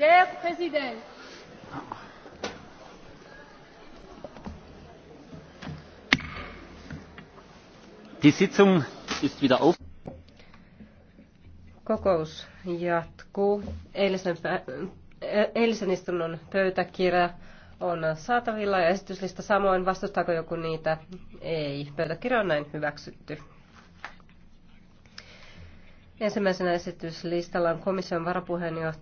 Der Präsident. Die Sitzung ist wieder auf. Kokous jatkuu. Eilisen, e- eilisen istunnon pöytäkirja on saatavilla ja esityslista samoin. Vastustaako joku niitä? Ei. Pöytäkirja on näin hyväksytty. Ensimmäisenä esityslistalla on komission varapuheenjohtaja